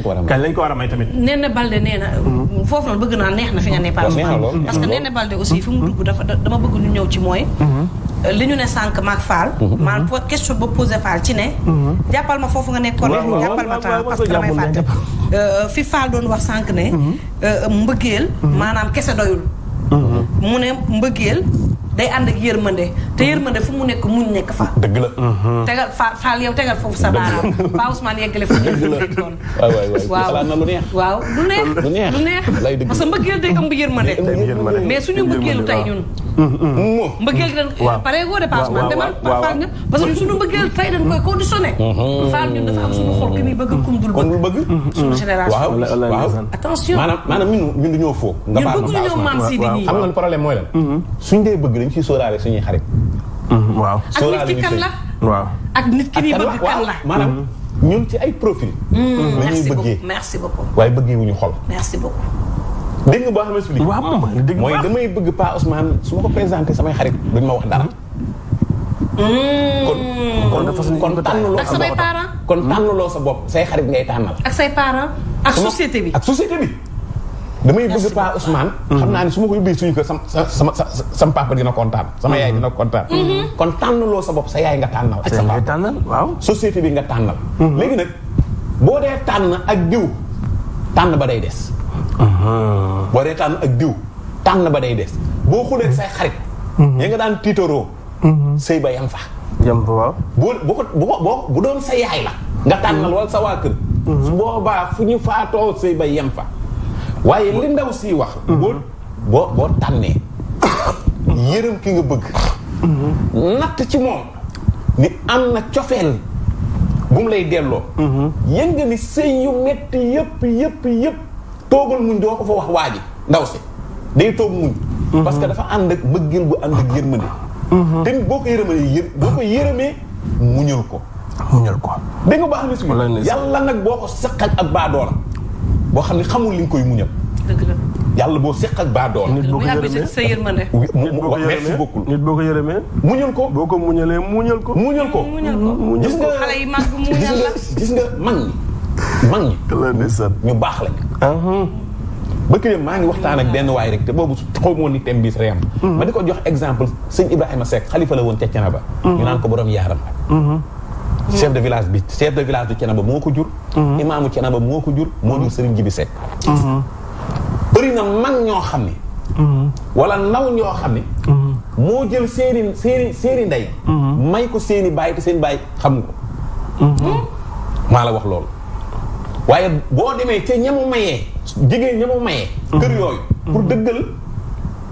lañ ko war a may kañ lañ ko war a may tamit. Néné Balde nee na. Hmm. foofu noonu bëgg naa neex na fi nga ne. parce que hmm. Néné Balde aussi fi mu dugg dafa dama bëgg ñu ñëw ci mooy. Hmm. li ñu ne sànq maag Fall. maanaam question ba posé Fall ci ne. jàppal ma foofu nga nekkoon rek jàppal ma temps parce que damay fàtte. Euh, doon wax sànq ne. Euh, mbëggeel. maanaam kese doyul. mu ne mbëggeel day ànd ak yërmande te yërmande fu mu nekk muñ nekk fa. dëgg la. Mhm. tegal fa faal yow tegal foofu sa baaraam. Paa Ousmane yeggale fu mu nekk doon. waaw waaw waaw lu neex. waaw lu neex lu neex. lay dëgg parce que mbëggeel day ëmb yërmande. mais suñu mbëggeelu tey ñun. moo mm-hmm. mbëggeel dañ. waaw pare goo de Paa Ousmane demal faal ñu parce que suñu mbëggeel tey dañ koy conditionné. Mm-hmm. faal ñun dafa am suñu xol ki muy bëgg kum dul bëgg. Mm-hmm. suñu génération waaw attention maanaam maanaam ñun ñun dañoo foo. nga baal ma Paa Ousmane ñun bëgguñu ñoo maam si nit ñi. xam nga problème mooy lan suñ dee bëgg dañ ciy sóoraale suñuy xarit waaw soo ak nit ki kan la. waaw ak nit ki ni bëgg kan la maanaam mm-hmm. ñun ci ay profil la mm, ñuy bëggee merci beaucoup waaye bëggee wu ñu xol. merci beaucoup. dégg nga boo xam ne expliqué. waaw moom dégg mooy damay bëgg Pa Ousmane su ma ko présenté samay xarit duñ ma wax dara. Mm. kon kon dafa kon tànnaloo ak samay parents kon tànnaloo sa bopp say xarit ngay tànnal. ak say parents ak société bi ak société bi. damay bëgg Paa Ousmane. xam naa ne su ma ko yóbbee suñu kër sama sama sama papa dina kontaan. sama yaay dina kontaan. Mm-hmm. kon tànnaloo sa bopp sa yaay nga tànnal. ak sa yaay tànnal waaw. société bi nga tànnal. Mm-hmm. léegi nag boo dee tànn ak diw tànn ba day des. Uh-huh. boo dee tànn ak diw tànn ba day des boo xuleeg say xarit. Mm-hmm. ya nga daan tiitaroo. sëy ba yam fa. yam fa waaw. boo bu doon sa yaay la. nga tànnal wala sa waa kër. su boobaa fu ñu faatoo sëy ba yam fa. waaye li ndaw si wax. boo boo boo tànnee. yërëm ki nga bëgg. natt ci moom. ni am na cofeel bu mu lay delloo. yënga ni sëy yu metti yëpp yëpp yëpp. toogal muñ doo ko fa wax waa ji ndaw si day toog muñ. parce que dafa ànd ak bëggil bu ànd ak yërmande. Mhm. te boo ko yërëmee yë boo ko yërëmee muñal ko. muñal ko. dégg nga baax na si yàlla nag boo ko saqal ak baadoola. boo xam ne xamul li nga koy muñal. dëgg la yàlla boo seq ak baa doon. nit boo ko yërëmee sa yërmande. merci beaucoup nit boo ko yërëmee. muñal ko boo ko muñalee muñal ko. muñal ko gis nga xale yi mag muñal la gis nga mag ñi mag ñu baax lañ. Uh-huh. ba kii ngi waxtaan ak benn waay rek te boobu xaw ma woon ni thème bi sa mm-hmm. ma ko jox exemple sëñ Ibrahima Seck xalifa woon ca Canaba. Mm-hmm. ñu naan ko borom yaaram la. Mm-hmm. chef de village bi chef de village bi Thiénaba moo ko jur mhm. imaamu Thiénaba moo ko jur moo jur Serigne Jibi Seck mhm. bëri na mag ñoo xam ne mhm. wala ndaw ñoo xam ne moo jël seeni seeni seeni ndey may ko seeni bàyyi te seen bàyyi xam ko maa la wax loolu waaye boo demee ca ñamu mayee jigéen ñamu mayee kër yooyu pour dëggal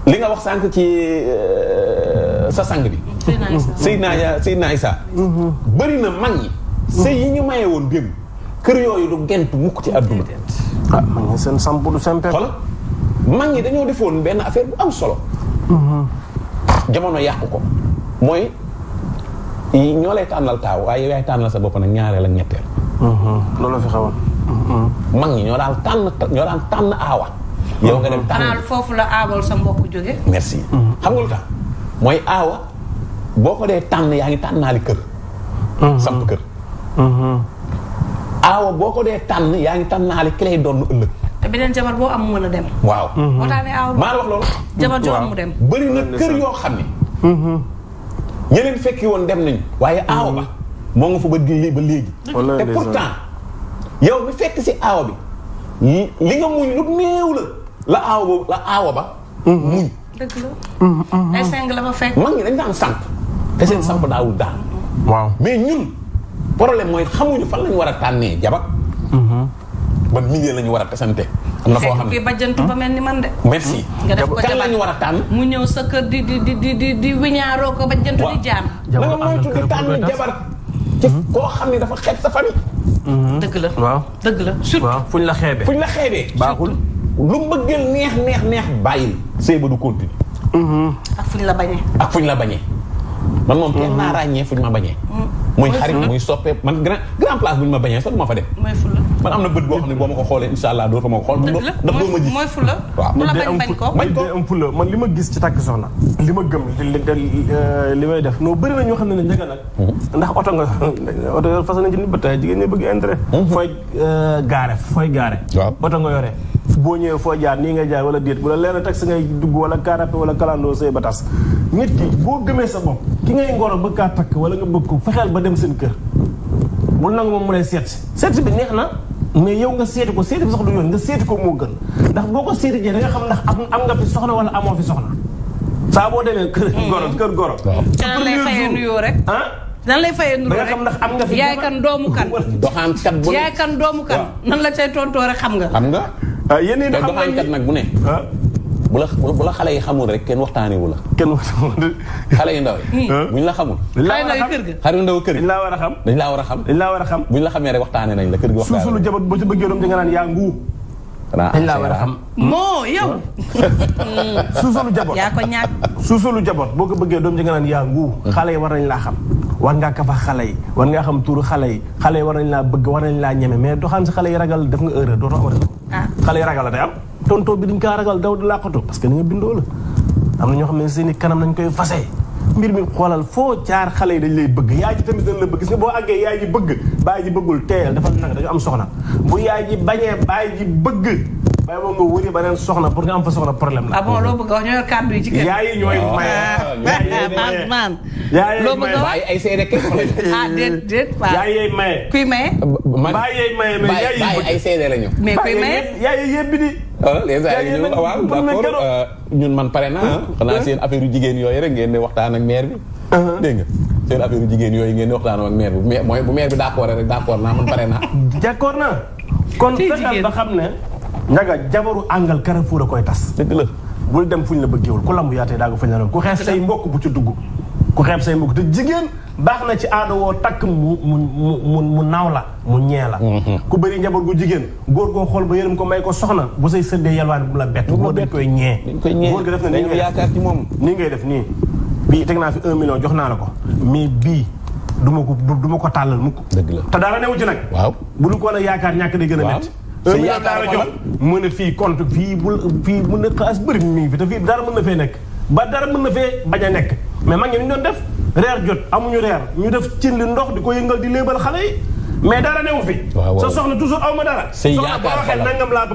li nga wax sànq ci euh, sa sang bi. Seydina Seydina Isa bëri na mag ñi. sëy yi ñu maye woon démb kër yooyu du gent mukk ci àdduna. ah ma ngi seen ñi dañoo defoon benn affaire bu am solo. Mhm. jamono yàqu ko mooy ñoo lay tànnal taaw waaye yaay sa bopp nag ñaareel ak ñetteel. Mhm. loolu fi xawoon. Mhm. ñoo daan tànn ñoo daan nga dem tànn foofu la aawal sa mbokk jóge. merci xam nga mooy aawa boo ko dee tànn yaa ngi tànnaali kër. Mhm. samp kër. Mhm. aawa boo ko dee tànn yaa ngi tànnaali ki lay doon ëllëg. te beneen jabar boo am mën la dem. waaw. Mhm. moo tax ne aawa maa la wax loolu. jabar joo am mu dem. bëri na kër yoo xam ne. ñeneen fekki woon dem nañu. waaye aawa ba moo nga fa ba lii ba léegi. te pourtant yow mi fekk si aawa bi. li nga muñ lu néew la. la aawa ba la aawa ba. muñ. dëgg la. Mm, mm, mm. seng la fa fekk. mag ñi dañ daan samp. te seen samp daawul daal. waaw mais ñun problème mooy xamuñu fan lañu war a tànnee jabar. Mm-hmm. ban milieu lañu war a tasante. am na foo xam ne bajjantu ba mel ni man de. merci nga def ko kan war a tànn. mu ñëw sa kër di di di di di wiñaaroo ko bajjantu di jaan. jabar am na kër tànn ci mm-hmm. koo xam ne dafa xet sa fan mm-hmm. dëgg la waaw dëgg la surtout. waaw fuñ la xeebee fuñ la xeebee. baaxul lu mbëggeel neex neex neex bàyyil. sëy ba du continuer. Mm-hmm. ak fuñ la bañee. ak fu la bañee. man moom kenn naa mm-hmm. ràññee fu ñu ma bañee. Mm-hmm. muy xarit muy soppee man grand grand place bu ma bañee sax du ma fa dem. mooy man am na bët boo xam ne boo ma ko xoolee incha allah dootuma ko xool. dëgg la mooy mooy fula. man li ma gis ci takk soxna. li ma gëm li may def non bëri na ñoo xam ne njëkk nag. ndax oto nga oto yor fas nañ ci nit ba tey jigéen ñi bëgg intérêt. fooy euh, gaare fooy gaare. waaw oto nga yore. boo ñëwee foo jaar nii nga jaar wala déet bu la leer na taxi ngay dugg wala kaarape wala kalandoo say ba tas nit boo gëmee sa bopp ki ngay ngoro bëgg kaa takk wala nga bëgg ko fexeel ba dem seen kër bul nangu moom mu lay seet seet bi neex na mais yow nga seeti ko seeti bi sax nga seeti ko moo gën ndax boo ko seeti jee da nga xam ndax am nga fi soxna wala amoo fi saa boo demee kër mm-hmm. kër goro nan lay rek ah nan lay fayee nuyoo rek ndax am nga fi yaay kan doomu kan doxaan kan doomu kan nan la cay tontoo rek xam nga xam nga Ah, yéen it xam nañ kat nag bu ne. Ah. bu la bu la xale yi xamul rek kenn waxtaaniwu la. kenn waxtaaniwu la xale yu ndaw yi. Hmm. Ah. buñ la xamul. dañ laa war a xam xale yu ndaw kër gi dañ laa war a xam. dañ laa war a xam dañ laa war a xam. buñ la xamee rek waxtaanee nañ la kër gi waxtaanee. suuf suñu jabat boo ci bëggee doom di nga naan yaa nguu. dañ laa war a xam. moo yow. Hmm. suuf suñu jabat yaa ko ñàkk. suuf suñu jabat boo ko bëggee doom di nga naan yaa nguu. Hmm. xale yi war nañ laa xam. war ngaa kafa xale yi war ngaa xam tuuru xale yi xale yi war nañ laa bëgg war nañ laa ñeme mais doxaan si xale yi ragal def nga erreur dootoo am ah. raison xale yi ragal am tontoo bi dañ kaa ragal daw di làqatu parce que ni nga bindoo la am na ñoo xam ne seeni kanam nañ koy fase mbir mi xoolal foo caar xale yi dañ lay bëgg yaay ji tamit dañ la bëgg gis nga boo àggee yaay ji bëgg baay ji bëggul teel dafa nag dañu am soxla bu yaay ji bañee baay ji bëgg bay mo nga wuri beneen soxna pour nga am fa soxna problème la ah bon loo bëgg wax ñooy kàddu yi ci kër yaay man yaay bëgg wax ay ah yaay yey kuy yey yaay ay mais kuy yaay ah, les ay ñu waaw d'accord ah, ñun man pare na ah. xanaa seen affaire yu jigéen yooyu rek ngeen di waxtaan ak maire bi dégg nga seen affaire yu jigéen yooyu ngeen di waxtaan ak maire bu maire bi d'accord rek d'accord naa man pare naa d'accord kon ba ñaga jabaru àngal Carrefour a koy tas. dëgg la bul dem fuñ la bëggeewul ku lamb yaatee daa ko fañ la ku xeeb say mbokk bu ci dugg. ku xeeb say mbokk te jigéen baax na ci aada woo takk mu mu mu mu naaw la mu ñee la. Mm-hmm. ku bëri njaboot gu jigéen góor goo xool ba yërëm ko may ko soxna bu say sëddee yalwaan bu la bett. góor dañ koy ñee. góor gi def na ni ngay yaakaar ci moom. nii ngay def nii bii teg naa fi un jox naa la ko mais bii. du ma ko du ma ko tàllal mukk. dëgg la te dara newu ci nag. waaw bu ñu ko yaakaar ñàkk day gën a métti. un million laa la jox a fii fii bu fii mën na xaalis bëri mi ngi fi te fii dara mën fee nekk ba dara mën na fee bañ a nekk mais mag ñi ñu doon def reer jot amuñu def cin ndox di ko yëngal di xale yi mais dara newu fi sa soxna toujours aw ma dara soxna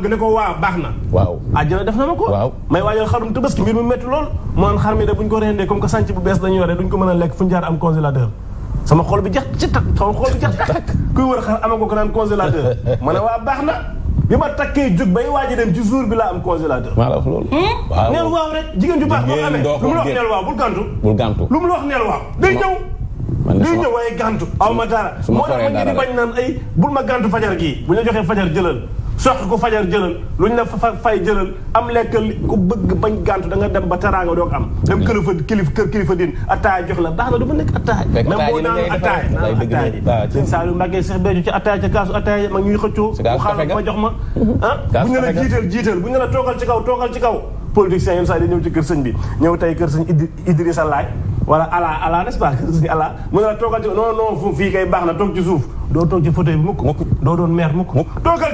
na waaw àjjana def na ma ko may waajal xarum tabaski mbir mu métti lool moom xar mi da buñ ko rendee comme que sànc bu bees dañu yore duñ ko mën a lekk fu ñu jaar am congélateur sama xool bi jax ci takk sama xol bi jax takk kuy wër xar ama ko ko naan congélateur ma ne waa baax na bi ma takkee jug bay waaji dem ci jour bi laa am congélateur maa la wax loolu hmm? neel waaw rek jigéen ju baax boo amee lu mu la wax neel waaw bul gantu bul gàntu lu mu la wax neel waaw day ñëw day ñëw waaye gàntu aw ma dara moo tax ma ñu di bañ naan ay bul ma gantu fajar gii bu ñu joxee fajar jëlal sox gu fajar jëlal lu ñu la fa fay jëlal am lekk ku bëgg bañ gàntu da nga dem ba teraanga doog am dem kilifa kër kilifa din attaaya jox la baax na du ma nekk attaaya même boo naan attaaya naan attaaya sëñ ci attaaya ca kaasu attaaya ma ñuy xëccoo bu xaaral ma jox ma mhm. ah, bu ñu la jiital jiital bu ñu la toogal ci kaw toogal ci kaw politicien yenn saa di ñëw ci kër sëñ bi ñëw tey kër sëñ Idrissa Laay Voilà, à la, n'est-ce pas ala non, la non non vous kay baax tu souffres, ci suuf doo toog ci fauteuil bi mukk mukk doo doon maire mukk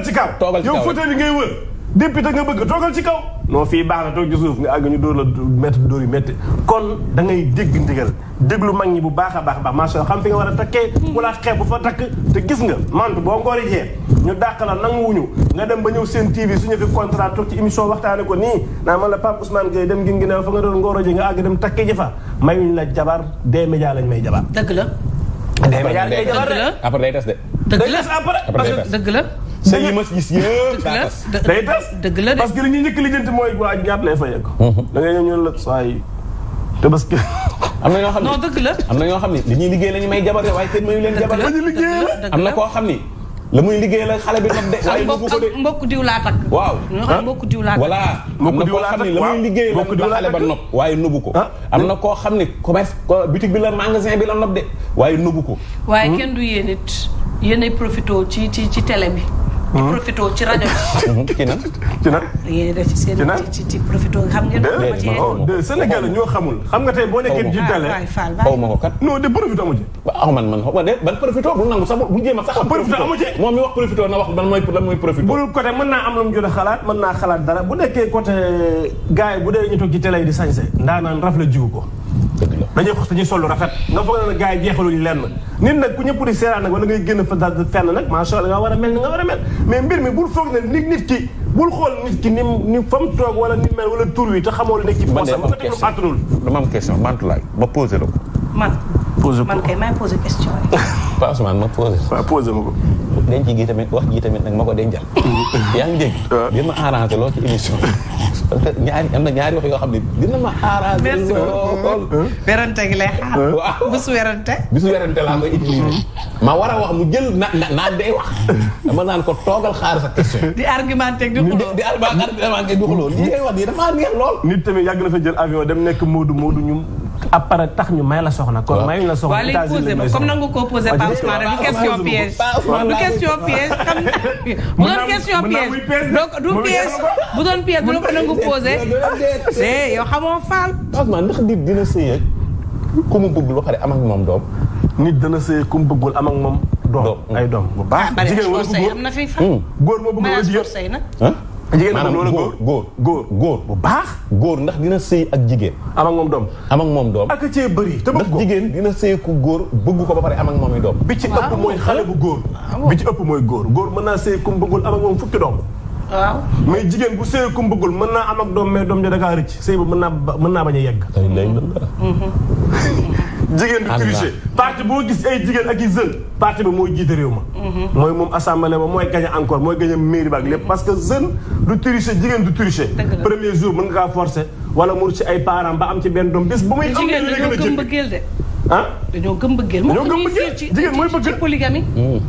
ci kaw yow fauteuil bi ngay tant député nga non fii baax na toog ci suuf nga àgg ñu dóor la métti dóor yu métti kon da dégg ndigal déglu mag ñi bu baax a baax baax macha xam fi nga war a takkee wala xeeb bu fa takk te gis nga mant boo ngoori jee ñu dàq la nanguwuñu nga dem ba ñëw seen TV suñu fi contrat toog ci émission waxtaane ko nii naa man la Pape Ousmane Gueye dem ngin ginaaw fa nga doon ngooro ji nga àgg dem takki ji fa mayuñ la jabar des médias lañ may jabar dëgg la des médias lañ may jabar après day dëgg la dëgg la. sëy ma gis yëpp daa tas dëgg la parce que li ñuy njëkk lijjanti mooy waa ñaata lay fayee ko. Mhm. da ngay ñëw ñu la saa yi te parce que. am na ñoo xam ne non dëgg la. am na ñoo xam ne li ñuy liggéey la ñu may jabar waaye kenn mayu leen jabar la ñu liggéey la am na koo xam ni. la muy liggéey la xale bi nag de. ay mbokk ko de mbokk diw laa takk. waaw mbokk diw laa takk. voilà am na koo xam ne la muy liggéey la xale ba nopp waaye nëbbu ko. am na koo xam ne commerce boutique bi la magasin bi la nopp de waaye nëbbu ko. waaye hmm? kenn du yéen it yéenay profito ci ci ci télé bi. di hmm? profito ci rajo bi. ci mhm. nan ci nan. yéen def ci seen ci ci profito xam ngeen. Oh, de Sénégal ñoo xamul. xam nga tey boo nekkee ci télé. Ah, xaw ma ko kat. non de profito amu ci. waaw man man xaw de ban profito bu nangu sax bu jéem a sax. profito amu ci moom mi wax na am lu mu jot xalaat mën naa xalaat dara bu nekkee côté gars yi bu dee ñu toog ci télé yi di sañse. ndaanaan raf la jiw ko. dañuy xos dañuy sol lu rafet nga foog na gars yi jeexaluñu lenn nit nag ku ñëpp di seeraan nag wala ngay génn fenn nag macha allah nga war a mel ni nga war a mel mais mbir mi bul foog ne nit ki bul xool nit ki ni ni fa mu toog wala ni mel wala tur wi te xamoo lu nekk ci poosam nga déglu fàttalul dama am question Mantoulaye ma posé la ko man posé man kay may posé question rek. waaw Ousmane ma posé. waaw ko. denc gi tamit wax ji tamit nag ko dencal. yaa ngi dégg. bi ah. loo ci émission bi. ñaari yoo xam ne dina ma arrangé. merci beaucoup werante gi lay mm-hmm. ma war a wax mu jël na naa day wax. dama naan ko toogal xaar sa question. di argumenté ak di xuloo di argumenté ak di xuloo lii ngay wax damaa neex lool. nit tamit yàgg na fa jël avion dem nekk Moodu Moodu ñum après tax ñu may la soxna. ko mayuñu la soxna états-unis la comme nangu ko posé par Ousmane du question piège. du question piège xam bu doon question piège. donc du piège bu doon piège du la ko nangu posé. mais eh, yow xamoo faal. Ousmane ndax nit dina sëy ak ku mu bëgg ba pare am moom doom. nit dana sëy ku mu bëggul am moom. doom ay doom bu baax. Ah, jigéen wala ku góor am na moo bëgg wala jigéen maanaam góor góor góor góor bu baax góor ndax dina sëy ak jigéen am ak moom doom am ak moom doom ak cee bëri te bëgg ndax jigéen dina sëy ku góor bëgg ko ba pare am ak moom i doom bi ci ëpp mooy xale bu góor bi ci ëpp mooy góor góor mën naa sëy kum mu bëggul am moom fukki doom waaw mais jigéen bu sëy ku bëggul mën naa am doom mais doom ja da kaa rëcc sëy ba mën naa mën naa bañ a yegg. Mm-hmm. jigéen du tricher parti boo gis ay jigéen ak i jeune parti bi mooy jiite réew ma mm-hmm. mooy moom assemblée ba mooy gagné encore mooy gagné mairie ba ak lépp parce que jeune du tricher jigéen du tricher premier jour mën nga kaa wala mu ci ay parents ba am ci benn doom bés ba muy am léegi gën a jënd ah dañoo gëm bëggeel dañoo gëm jigéen mooy bëgg polygamie mm.